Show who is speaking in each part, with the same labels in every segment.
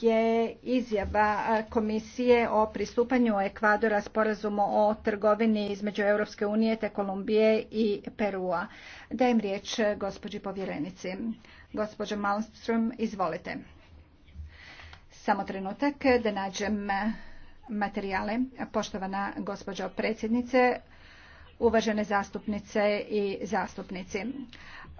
Speaker 1: je izjava komisije o pristupanju Ekvadora sporazumu o trgovini između Europske unije te Kolumbije i Perua. Dajem riječ gospođi povjerenici. Gospođo Malmström, izvolite. Samo trenutak da nađem materijale. Poštovana gospođo predsjednice, uvažene zastupnice i zastupnici.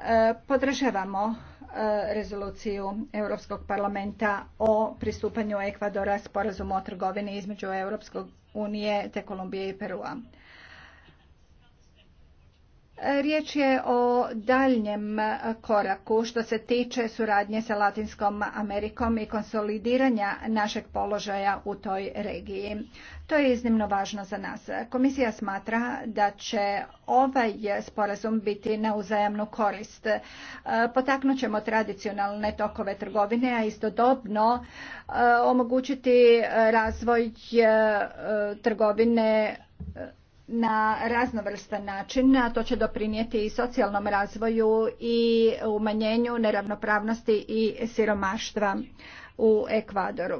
Speaker 1: E, podržavamo e, rezoluciju Europskog parlamenta o pristupanju Ekvadora sporazumu o trgovini između Europske unije te Kolumbije i Perua. Riječ je o daljnjem koraku što se tiče suradnje sa Latinskom Amerikom i konsolidiranja našeg položaja u toj regiji. To je iznimno važno za nas. Komisija smatra da će ovaj sporazum biti na uzajamnu korist. E, potaknut ćemo tradicionalne tokove trgovine, a istodobno e, omogućiti razvoj e, trgovine na raznovrstan način, a to će doprinijeti i socijalnom razvoju i umanjenju neravnopravnosti i siromaštva u Ekvadoru.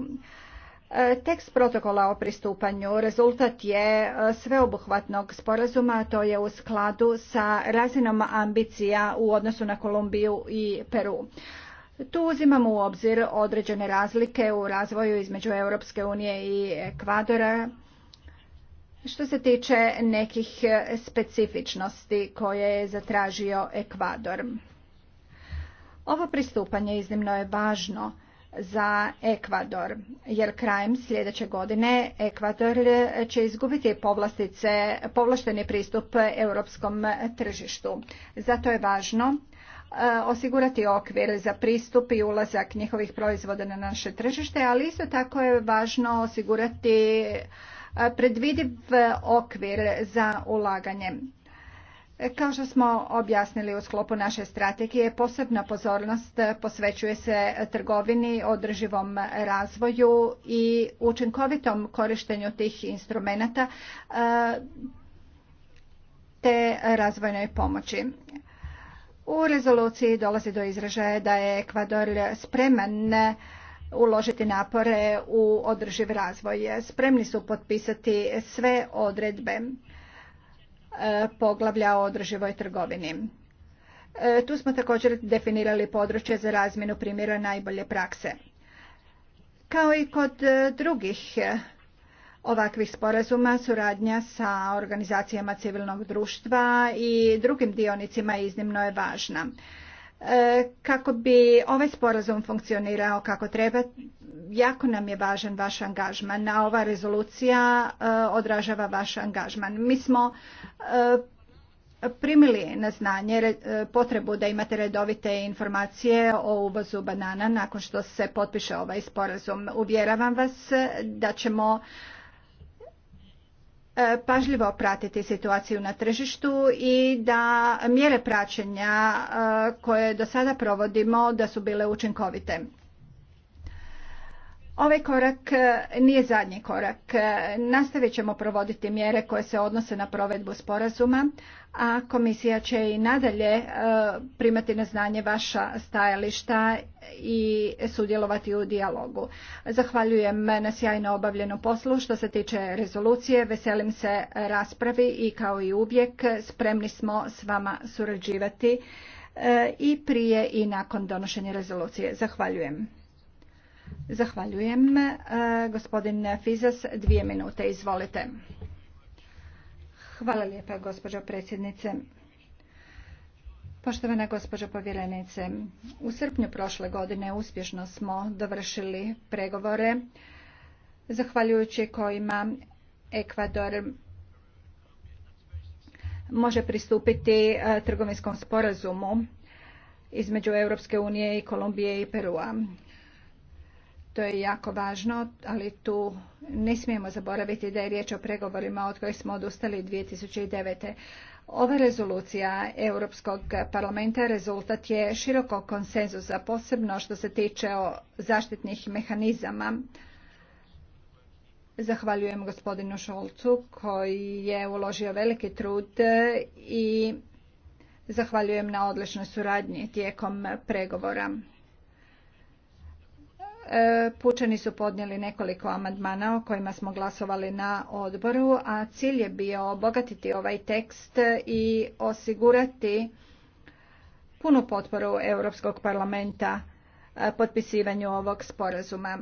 Speaker 1: E, tekst protokola o pristupanju rezultat je e, sveobuhvatnog sporazuma, to je u skladu sa razinom ambicija u odnosu na Kolumbiju i Peru. Tu uzimamo u obzir određene razlike u razvoju između Europske unije i Ekvadora, što se tiče nekih e, specifičnosti koje je zatražio Ekvador. Ovo pristupanje iznimno je važno za Ekvador, jer krajem sljedeće godine Ekvador će izgubiti povlastice, povlašteni pristup europskom tržištu. Zato je važno e, osigurati okvir za pristup i ulazak njihovih proizvoda na naše tržište, ali isto tako je važno osigurati predvidiv e, okvir za ulaganje. E, kao što smo objasnili u sklopu naše strategije, posebna pozornost posvećuje se trgovini, održivom razvoju i učinkovitom korištenju tih instrumenata te razvojnoj pomoći. U rezoluciji dolazi do izražaja da je Ekvador spreman uložiti napore u održiv razvoj. Spremni su potpisati sve odredbe e, poglavlja o održivoj trgovini. E, tu smo također definirali područje za razmjenu primjera najbolje prakse. Kao i kod drugih ovakvih sporazuma suradnja sa organizacijama civilnog društva i drugim dionicima iznimno je važna. E, kako bi ovaj sporazum funkcionirao kako treba. Jako nam je važan vaš angažman, na ova rezolucija e, odražava vaš angažman. Mi smo e, primili na znanje potrebu da imate redovite informacije o uvozu banana nakon što se potpiše ovaj sporazum. Uvjeravam vas da ćemo E, pažljivo pratiti situaciju na tržištu i da mjere praćenja e, koje do sada provodimo da su bile učinkovite. Ovaj korak e, nije zadnji korak. E, nastavit ćemo provoditi mjere koje se odnose na provedbu sporazuma, a komisija će i nadalje e, primati na znanje vaša stajališta i sudjelovati u dijalogu. Zahvaljujem na sjajno obavljenom poslu što se tiče rezolucije. Veselim se raspravi i kao i uvijek spremni smo s vama surađivati i prije i nakon donošenja rezolucije. Zahvaljujem. Zahvaljujem. E, gospodin Fizas, dvije minute, izvolite. Hvala lijepa, gospođo predsjednice. Poštovana gospođo povjerenice, u srpnju prošle godine uspješno smo dovršili pregovore, zahvaljujući kojima Ekvador može pristupiti e, trgovinskom sporazumu između Europske unije i Kolumbije i Perua. To je jako važno, ali tu ne smijemo zaboraviti da je riječ o pregovorima od kojih smo odustali 2009. Ova rezolucija Europskog parlamenta rezultat je širokog konsenzusa, posebno što se tiče o zaštitnih mehanizama. Zahvaljujem gospodinu Šolcu koji je uložio veliki trud i zahvaljujem na odličnoj suradnji tijekom pregovora. E, pučani su podnijeli nekoliko amandmana o kojima smo glasovali na odboru, a cilj je bio obogatiti ovaj tekst i osigurati punu potporu Europskog parlamenta e, potpisivanju ovog sporazuma.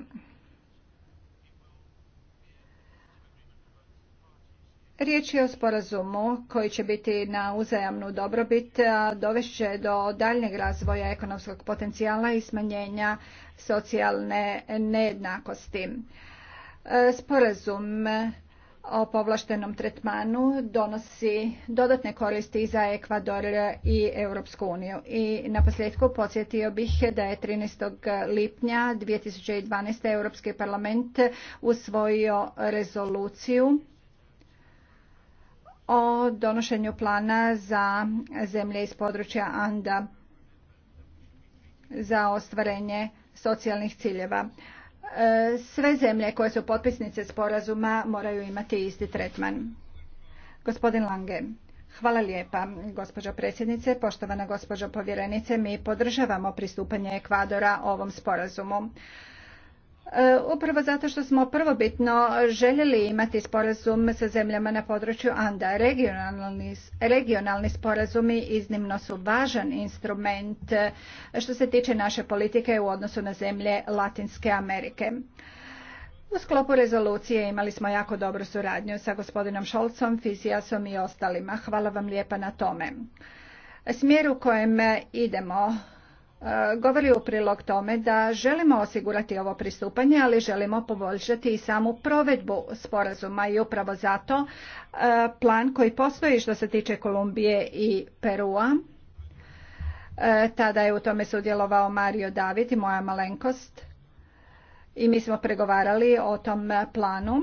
Speaker 1: Riječ je o sporazumu koji će biti na uzajamnu dobrobit, a dovešće do daljnjeg razvoja ekonomskog potencijala i smanjenja socijalne nejednakosti. E, sporazum o povlaštenom tretmanu donosi dodatne koristi za Ekvador i Europsku uniju. I na posljedku podsjetio bih da je 13. lipnja 2012. Europski parlament usvojio rezoluciju o donošenju plana za zemlje iz područja Anda za ostvarenje socijalnih ciljeva. E, sve zemlje koje su potpisnice sporazuma moraju imati isti tretman. Gospodin Lange, hvala lijepa, gospođo predsjednice, poštovana gospođo povjerenice, mi podržavamo pristupanje Ekvadora ovom sporazumu. E, upravo zato što smo prvobitno željeli imati sporazum sa zemljama na području Anda. Regionalni, regionalni sporazumi iznimno su važan instrument e, što se tiče naše politike u odnosu na zemlje Latinske Amerike. U sklopu rezolucije imali smo jako dobru suradnju sa gospodinom Šolcom, Fizijasom i ostalima. Hvala vam lijepa na tome. Smjer u kojem idemo govori u prilog tome da želimo osigurati ovo pristupanje, ali želimo poboljšati i samu provedbu sporazuma i upravo zato e, plan koji postoji što se tiče Kolumbije i Perua. E, tada je u tome sudjelovao Mario David i moja malenkost i mi smo pregovarali o tom planu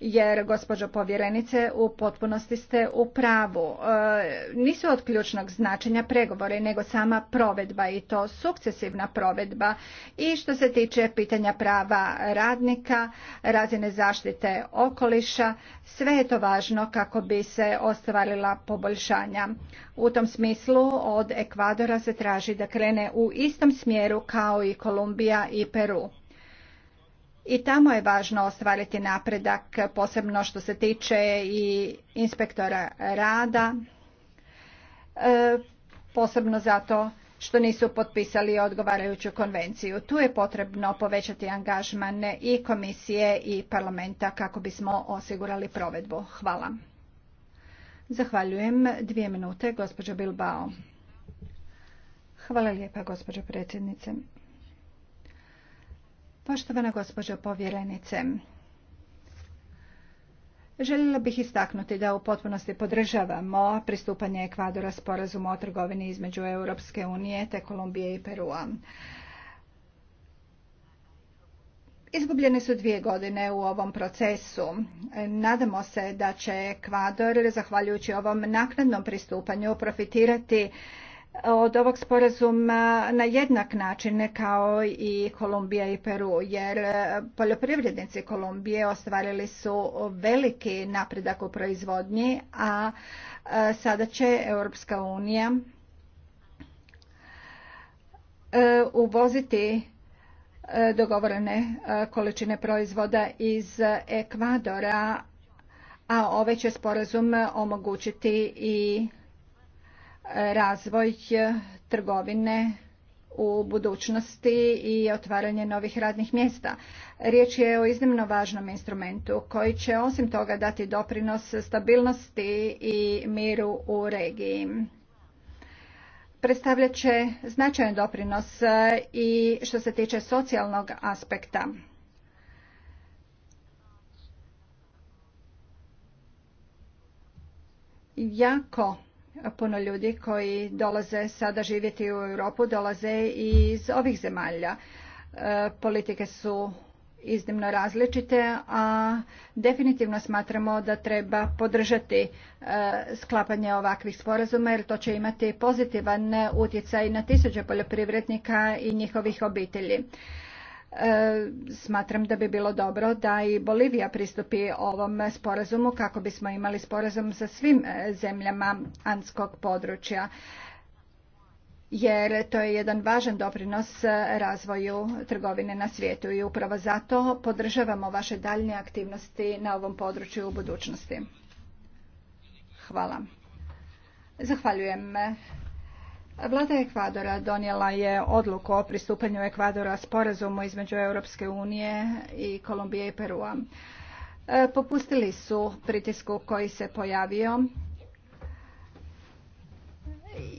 Speaker 1: jer gospođo povjerenice u potpunosti ste u pravu. E, nisu od ključnog značenja pregovori nego sama provedba i to sukcesivna provedba i što se tiče pitanja prava radnika, razine zaštite okoliša, sve je to važno kako bi se ostvarila poboljšanja. U tom smislu od Ekvadora se traži da krene u istom smjeru kao i Kolumbija i Peru i tamo je važno ostvariti napredak, posebno što se tiče i inspektora rada, e, posebno zato što nisu potpisali odgovarajuću konvenciju. Tu je potrebno povećati angažman i komisije i parlamenta kako bismo osigurali provedbu. Hvala. Zahvaljujem. Dvije minute, gospođo Bilbao. Hvala lijepa, gospođo predsjednice. Poštovana gospođo povjerenice, Željela bih istaknuti da u potpunosti podržavamo pristupanje Ekvadora sporazumu o trgovini između Europske unije te Kolumbije i Perua. Izgubljene su dvije godine u ovom procesu. Nadamo se da će Ekvador, zahvaljujući ovom naknadnom pristupanju, profitirati od ovog sporazuma na jednak način kao i Kolumbija i Peru, jer poljoprivrednici Kolumbije ostvarili su veliki napredak u proizvodnji, a sada će Europska unija e, uvoziti e, dogovorene e, količine proizvoda iz Ekvadora, a ovaj će sporazum omogućiti i razvoj eh, trgovine u budućnosti i otvaranje novih radnih mjesta. Riječ je o iznimno važnom instrumentu koji će osim toga dati doprinos stabilnosti i miru u regiji. Predstavljat će značajan doprinos eh, i što se tiče socijalnog aspekta. Jako puno ljudi koji dolaze sada živjeti u Europu dolaze iz ovih zemalja. E, politike su iznimno različite, a definitivno smatramo da treba podržati e, sklapanje ovakvih sporazuma jer to će imati pozitivan utjecaj na tisuće poljoprivrednika i njihovih obitelji smatram da bi bilo dobro da i Bolivija pristupi ovom sporazumu kako bismo imali sporazum sa svim e, zemljama anskog područja jer to je jedan važan doprinos e, razvoju trgovine na svijetu i upravo zato podržavamo vaše daljnje aktivnosti na ovom području u budućnosti. Hvala. Zahvaljujem Vlada Ekvadora donijela je odluku o pristupanju Ekvadora sporazumu između Europske unije i Kolumbije i Perua. E, popustili su pritisku koji se pojavio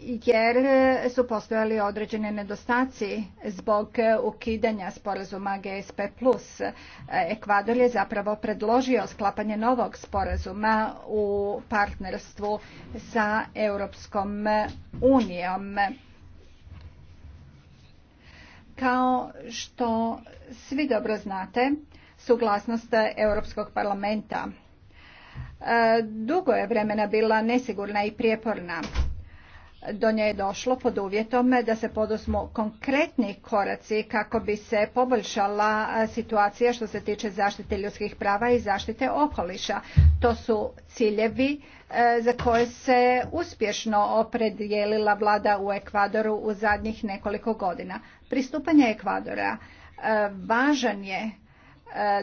Speaker 1: jer e, su postojali određene nedostaci zbog e, ukidanja sporazuma GSP+. E, Ekvador je zapravo predložio sklapanje novog sporazuma u partnerstvu sa Europskom unijom. Kao što svi dobro znate, suglasnost Europskog parlamenta dugo je vremena bila nesigurna i prijeporna do nje je došlo pod uvjetom da se poduzmu konkretni koraci kako bi se poboljšala situacija što se tiče zaštite ljudskih prava i zaštite okoliša. To su ciljevi e, za koje se uspješno opredijelila vlada u Ekvadoru u zadnjih nekoliko godina. Pristupanje Ekvadora e, važan je e,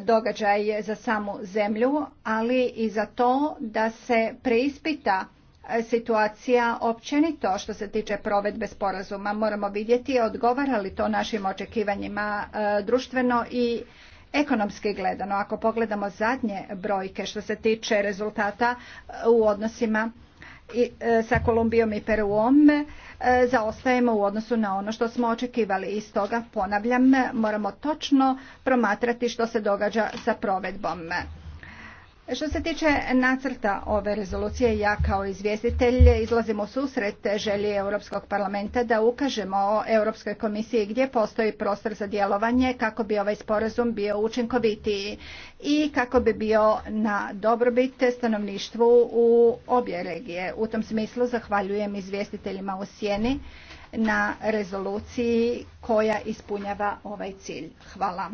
Speaker 1: događaj za samu zemlju, ali i za to da se preispita situacija općenito što se tiče provedbe sporazuma. Moramo vidjeti odgovara li to našim očekivanjima e, društveno i ekonomski gledano. Ako pogledamo zadnje brojke što se tiče rezultata e, u odnosima e, sa Kolumbijom i Peruom zaostajemo u odnosu na ono što smo očekivali i stoga ponavljam moramo točno promatrati što se događa sa provedbom. Što se tiče nacrta ove rezolucije, ja kao izvjestitelj izlazim u susret želje Europskog parlamenta da ukažemo Europskoj komisiji gdje postoji prostor za djelovanje kako bi ovaj sporazum bio učinkovitiji i kako bi bio na dobrobit stanovništvu u obje regije. U tom smislu zahvaljujem izvjestiteljima u Sjeni na rezoluciji koja ispunjava ovaj cilj. Hvala.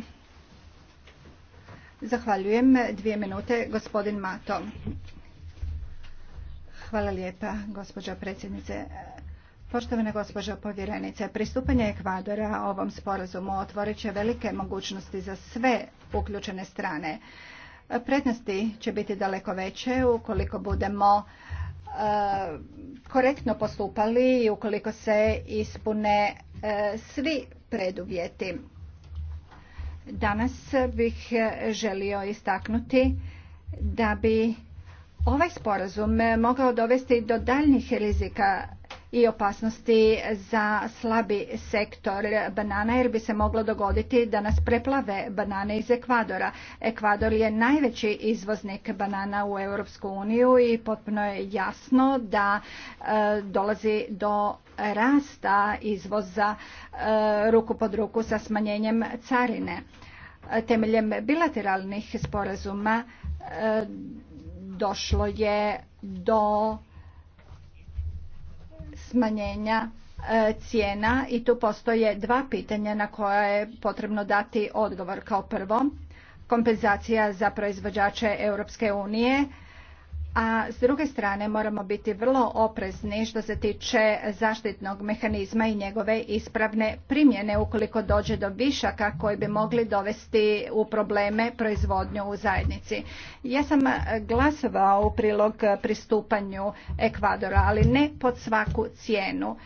Speaker 1: Zahvaljujem. Dvije minute, gospodin Mato. Hvala lijepa, gospođo predsjednice. Poštovana gospođo povjerenice, pristupanje Ekvadora ovom sporazumu otvorit će velike mogućnosti za sve uključene strane. Prednosti će biti daleko veće ukoliko budemo e, korektno postupali i ukoliko se ispune e, svi preduvjeti. Danas bih e, želio istaknuti da bi ovaj sporazum mogao dovesti do daljnjih rizika i opasnosti za slabi sektor banana jer bi se moglo dogoditi da nas preplave banane iz Ekvadora. Ekvador je najveći izvoznik banana u Europsku uniju i potpuno je jasno da e, dolazi do rasta izvoza e, ruku pod ruku sa smanjenjem carine. E, temeljem bilateralnih sporazuma došlo je do smanjenja e, cijena i tu postoje dva pitanja na koja je potrebno dati odgovor. Kao prvo, kompenzacija za proizvođače Europske unije a s druge strane moramo biti vrlo oprezni što se tiče zaštitnog mehanizma i njegove ispravne primjene ukoliko dođe do višaka koji bi mogli dovesti u probleme proizvodnju u zajednici. Ja sam glasovao u prilog pristupanju Ekvadora, ali ne pod svaku cijenu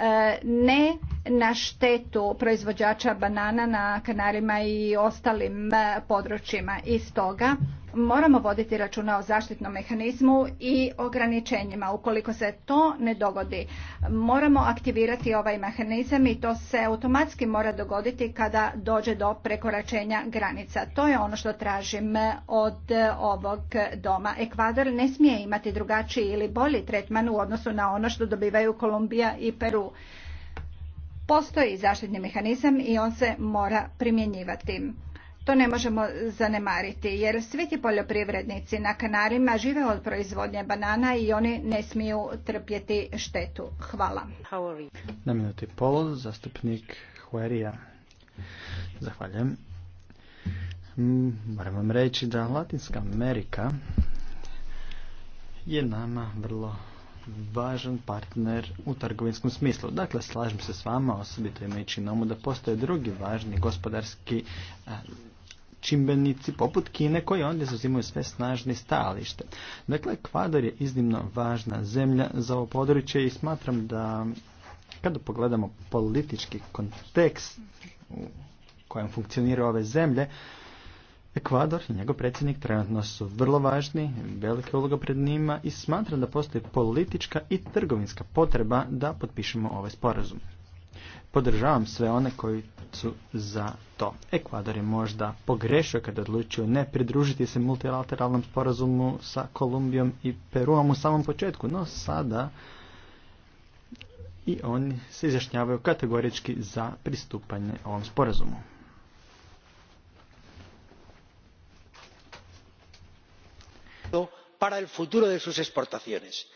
Speaker 1: e, ne na štetu proizvođača banana na Kanarima i ostalim područjima. I stoga moramo voditi računa o zaštitnom mehanizmu i ograničenjima. Ukoliko se to ne dogodi, moramo aktivirati ovaj mehanizam i to se automatski mora dogoditi kada dođe do prekoračenja granica. To je ono što tražim od ovog doma. Ekvador ne smije imati drugačiji ili bolji tretman u odnosu na ono što dobivaju Kolumbija i Peru. Postoji zaštitni mehanizam i on se mora primjenjivati. To ne možemo zanemariti jer svi ti poljoprivrednici na Kanarima žive od proizvodnje banana i oni ne smiju trpjeti štetu. Hvala. Na minuti
Speaker 2: pol, zastupnik Huerija. Zahvaljujem. Mm, moram vam reći da Latinska Amerika je nama vrlo važan partner u trgovinskom smislu. Dakle, slažem se s vama, osobito imajući na umu da postoje drugi važni gospodarski čimbenici poput Kine koji ondje zauzimaju sve snažne stajalište. Dakle, Ekvador je iznimno važna zemlja za ovo područje i smatram da kada pogledamo politički kontekst u kojem funkcionira ove zemlje, Ekvador i njegov predsjednik trenutno su vrlo važni, velike uloga pred njima i smatram da postoji politička i trgovinska potreba da potpišemo ovaj sporazum. Podržavam sve one koji su za to. Ekvador je možda pogrešio kada odlučio ne pridružiti se multilateralnom sporazumu sa Kolumbijom i Peruom u samom početku, no sada i oni se izjašnjavaju kategorički za pristupanje ovom sporazumu. para el futuro de sus exportaciones.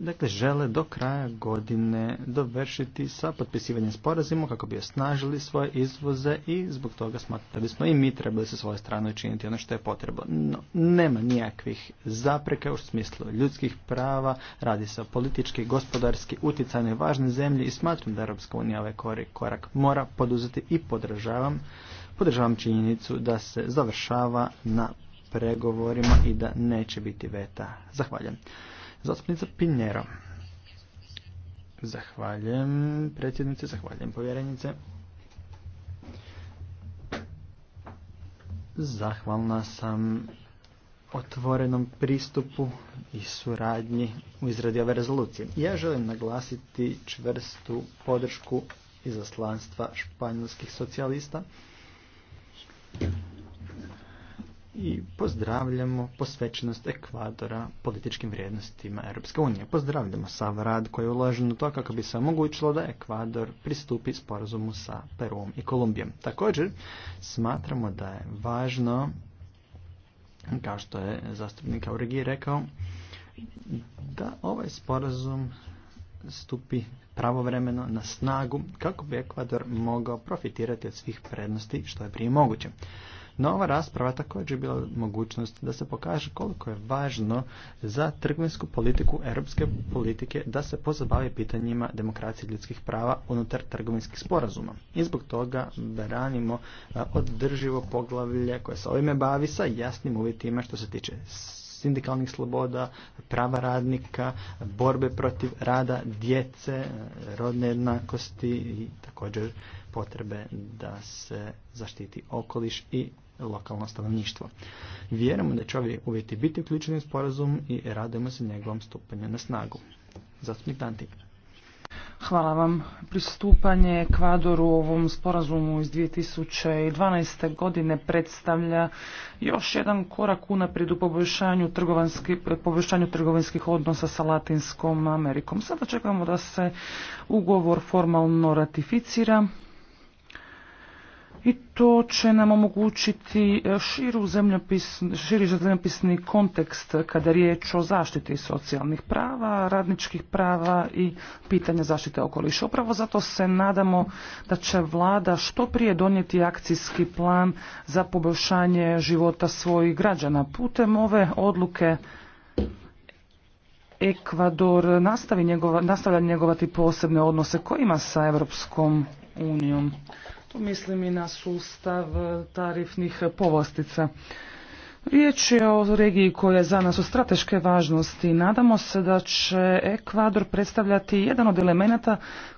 Speaker 2: Dakle, žele do kraja godine dovršiti sa potpisivanjem sporazima kako bi osnažili svoje izvoze i zbog toga smatrati da bismo i mi trebali sa svoje strane učiniti ono što je potrebno. No, nema nijakvih zapreka u smislu ljudskih prava, radi se o politički, gospodarski, utjecajnoj važnoj zemlji i smatram da Europska unija ovaj korak mora poduzeti i podržavam podržavam činjenicu da se završava na pregovorima i da neće biti veta. Zahvaljujem. Zastupnica Pinjero. Zahvaljujem predsjednice, zahvaljujem povjerenice. Zahvalna sam otvorenom pristupu i suradnji u izradi ove rezolucije. Ja želim naglasiti čvrstu podršku izaslanstva španjolskih socijalista i pozdravljamo posvećenost Ekvadora političkim vrijednostima Europske unije. Pozdravljamo sav rad koji je uložen u to kako bi se omogućilo da Ekvador pristupi sporazumu sa Perom i Kolumbijom. Također, smatramo da je važno, kao što je zastupnik Aurigi rekao, da ovaj sporazum stupi pravovremeno na snagu kako bi Ekvador mogao profitirati od svih prednosti što je prije moguće. Nova ova rasprava također je bila mogućnost da se pokaže koliko je važno za trgovinsku politiku europske politike da se pozabavi pitanjima demokracije ljudskih prava unutar trgovinskih sporazuma. I zbog toga branimo održivo poglavlje koje se ovime bavi sa jasnim uvjetima što se tiče sindikalnih sloboda, prava radnika, borbe protiv rada djece, rodne jednakosti i također potrebe da se zaštiti okoliš i lokalno stanovništvo. Vjerujemo da će ovi uvjeti biti uključeni sporazum
Speaker 3: i radujemo se njegovom stupanju na snagu.
Speaker 2: Zastupnik Dantik.
Speaker 3: Hvala vam. Pristupanje Ekvadoru ovom sporazumu iz 2012. godine predstavlja još jedan korak unaprijed u poboljšanju, trgovanski, poboljšanju trgovinskih odnosa sa Latinskom Amerikom. Sada čekamo da se ugovor formalno ratificira i to će nam omogućiti e, širi zemljopisni kontekst kada je riječ o zaštiti socijalnih prava, radničkih prava i pitanja zaštite okoliša. Upravo zato se nadamo da će vlada što prije donijeti akcijski plan za poboljšanje života svojih građana. Putem ove odluke Ekvador nastavlja njegovati posebne odnose kojima sa Europskom unijom. Tu mislim i na sustav tarifnih povlastica. Riječ je o regiji koja je za nas o strateške važnosti. Nadamo se da će Ekvador predstavljati jedan od elemenata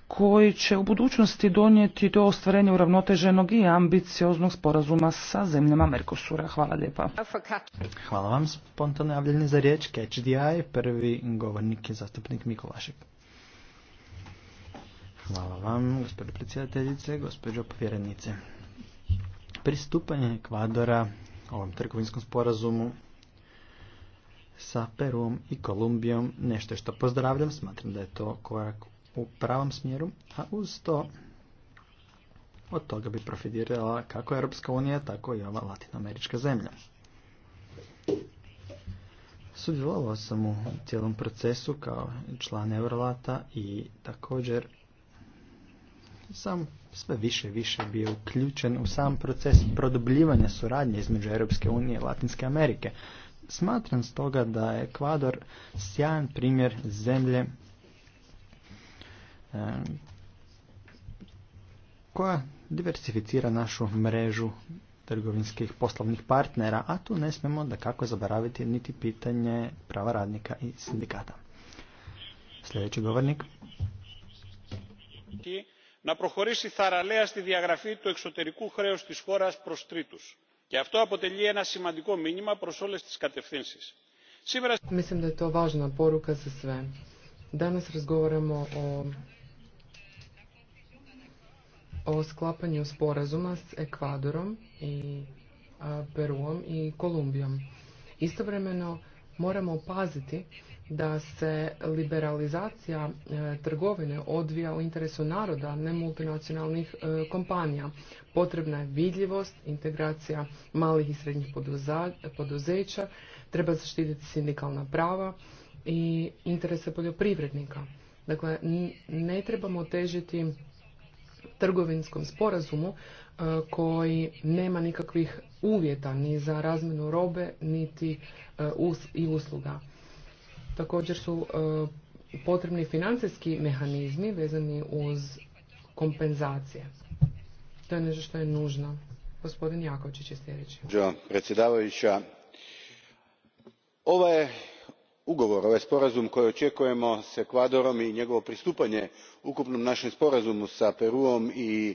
Speaker 3: koji će u budućnosti donijeti do ostvarenja uravnoteženog i ambicioznog sporazuma sa zemljama Merkosura. Hvala lijepa. Hvala vam, spontano javljeni za riječ.
Speaker 2: Catch Prvi govornik je zastupnik Mikolašek. Hvala vam, gospođo predsjedateljice, gospođo povjerenice. Pristupanje Ekvadora ovom trgovinskom sporazumu sa Peruom i Kolumbijom nešto što pozdravljam, smatram da je to korak u pravom smjeru, a uz to od toga bi profitirala kako Europska unija, tako i ova latinoamerička zemlja. Sudjelovao sam u cijelom procesu kao član Eurolata i također sam sve više i više bio uključen u sam proces produbljivanja suradnje između Europske unije i Latinske Amerike. Smatram stoga da je Ekvador sjajan primjer zemlje e, koja diversificira našu mrežu trgovinskih poslovnih partnera, a tu ne smemo da kako zaboraviti niti pitanje prava radnika i sindikata. Sljedeći govornik
Speaker 4: na prohori si tharalea sti diagrafi to eksoteriku hreos tis foras prostritus. I afto apotelji e na simantiko minima pros oles tis kateftinsis.
Speaker 5: Mislim da je to važna poruka sa sve. Danas razgovoramo o o sklapanju sporozuma s Ekvadorom i Peruom i Kolumbijom. Isto vremeno moramo paziti da se liberalizacija e, trgovine odvija u interesu naroda, ne multinacionalnih e, kompanija. Potrebna je vidljivost, integracija malih i srednjih poduzeća, treba zaštititi sindikalna prava i interese poljoprivrednika. Dakle, ne trebamo težiti trgovinskom sporazumu E, koji nema nikakvih uvjeta ni za razmjenu robe niti e, i usluga. Također su e, potrebni financijski mehanizmi vezani uz kompenzacije. To je nešto što je nužno. Gospodin Jakovčić je sljedeći.
Speaker 4: predsjedavajuća, ovaj ugovor, ovaj sporazum koji očekujemo s Ekvadorom i njegovo pristupanje ukupnom našem sporazumu sa Peruom i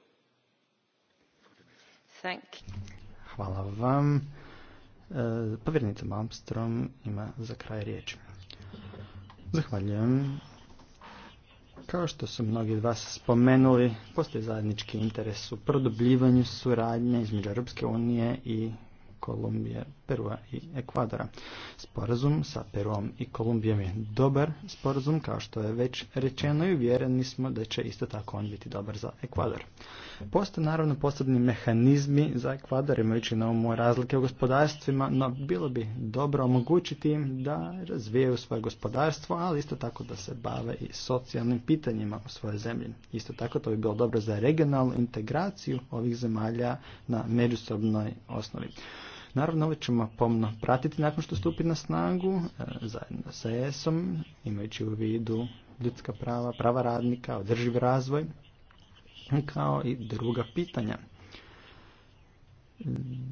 Speaker 2: Thank. Hvala vam. E, povjernica ima za kraj riječ. Zahvaljujem. Kao što su mnogi od vas spomenuli, postoji zajednički interes u produbljivanju suradnje između Europske unije i Kolumbije Perua i Ekvadora. Sporazum sa Peruom i Kolumbijom je dobar sporazum, kao što je već rečeno i uvjereni smo da će isto tako on biti dobar za Ekvador. Postoje naravno posebni mehanizmi za Ekvador, imajući na umu razlike u gospodarstvima, no bilo bi dobro omogućiti im da razvijaju svoje gospodarstvo, ali isto tako da se bave i socijalnim pitanjima u svojoj zemlji. Isto tako to bi bilo dobro za regionalnu integraciju ovih zemalja na međusobnoj osnovi. Naravno, ovo ćemo pomno pratiti nakon što stupi na snagu, e, zajedno sa ESOM, imajući u vidu ljudska prava, prava radnika, održiv razvoj, kao i druga pitanja.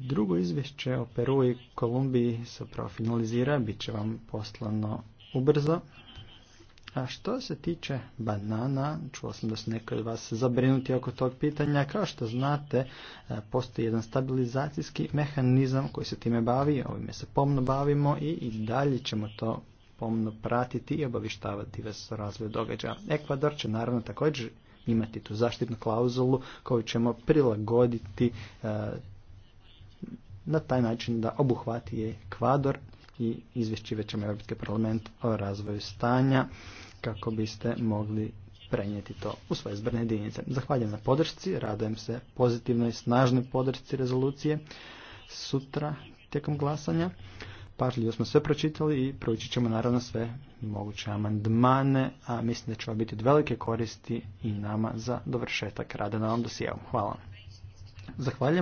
Speaker 2: Drugo izvješće o Peru i Kolumbiji se finalizira, bit će vam poslano ubrzo. A što se tiče banana, čuo sam da su neko od vas zabrinuti oko tog pitanja. Kao što znate, e, postoji jedan stabilizacijski mehanizam koji se time bavi, ovime se pomno bavimo i, i dalje ćemo to pomno pratiti i obavištavati vas o razvoju događaja. Ekvador će naravno također imati tu zaštitnu klauzulu koju ćemo prilagoditi e, na taj način da obuhvati Ekvador i izvješćivat ćemo Europski parlament o razvoju stanja kako biste mogli prenijeti to u svoje zbrne jedinice. Zahvaljujem na podršci, radujem se pozitivnoj i snažnoj podršci rezolucije sutra tijekom glasanja. Pažljivo smo sve pročitali i proučit ćemo naravno sve moguće amandmane, a mislim da će vam biti od velike koristi i nama za dovršetak rada na ovom dosijevu. Hvala. Zahvaljujem.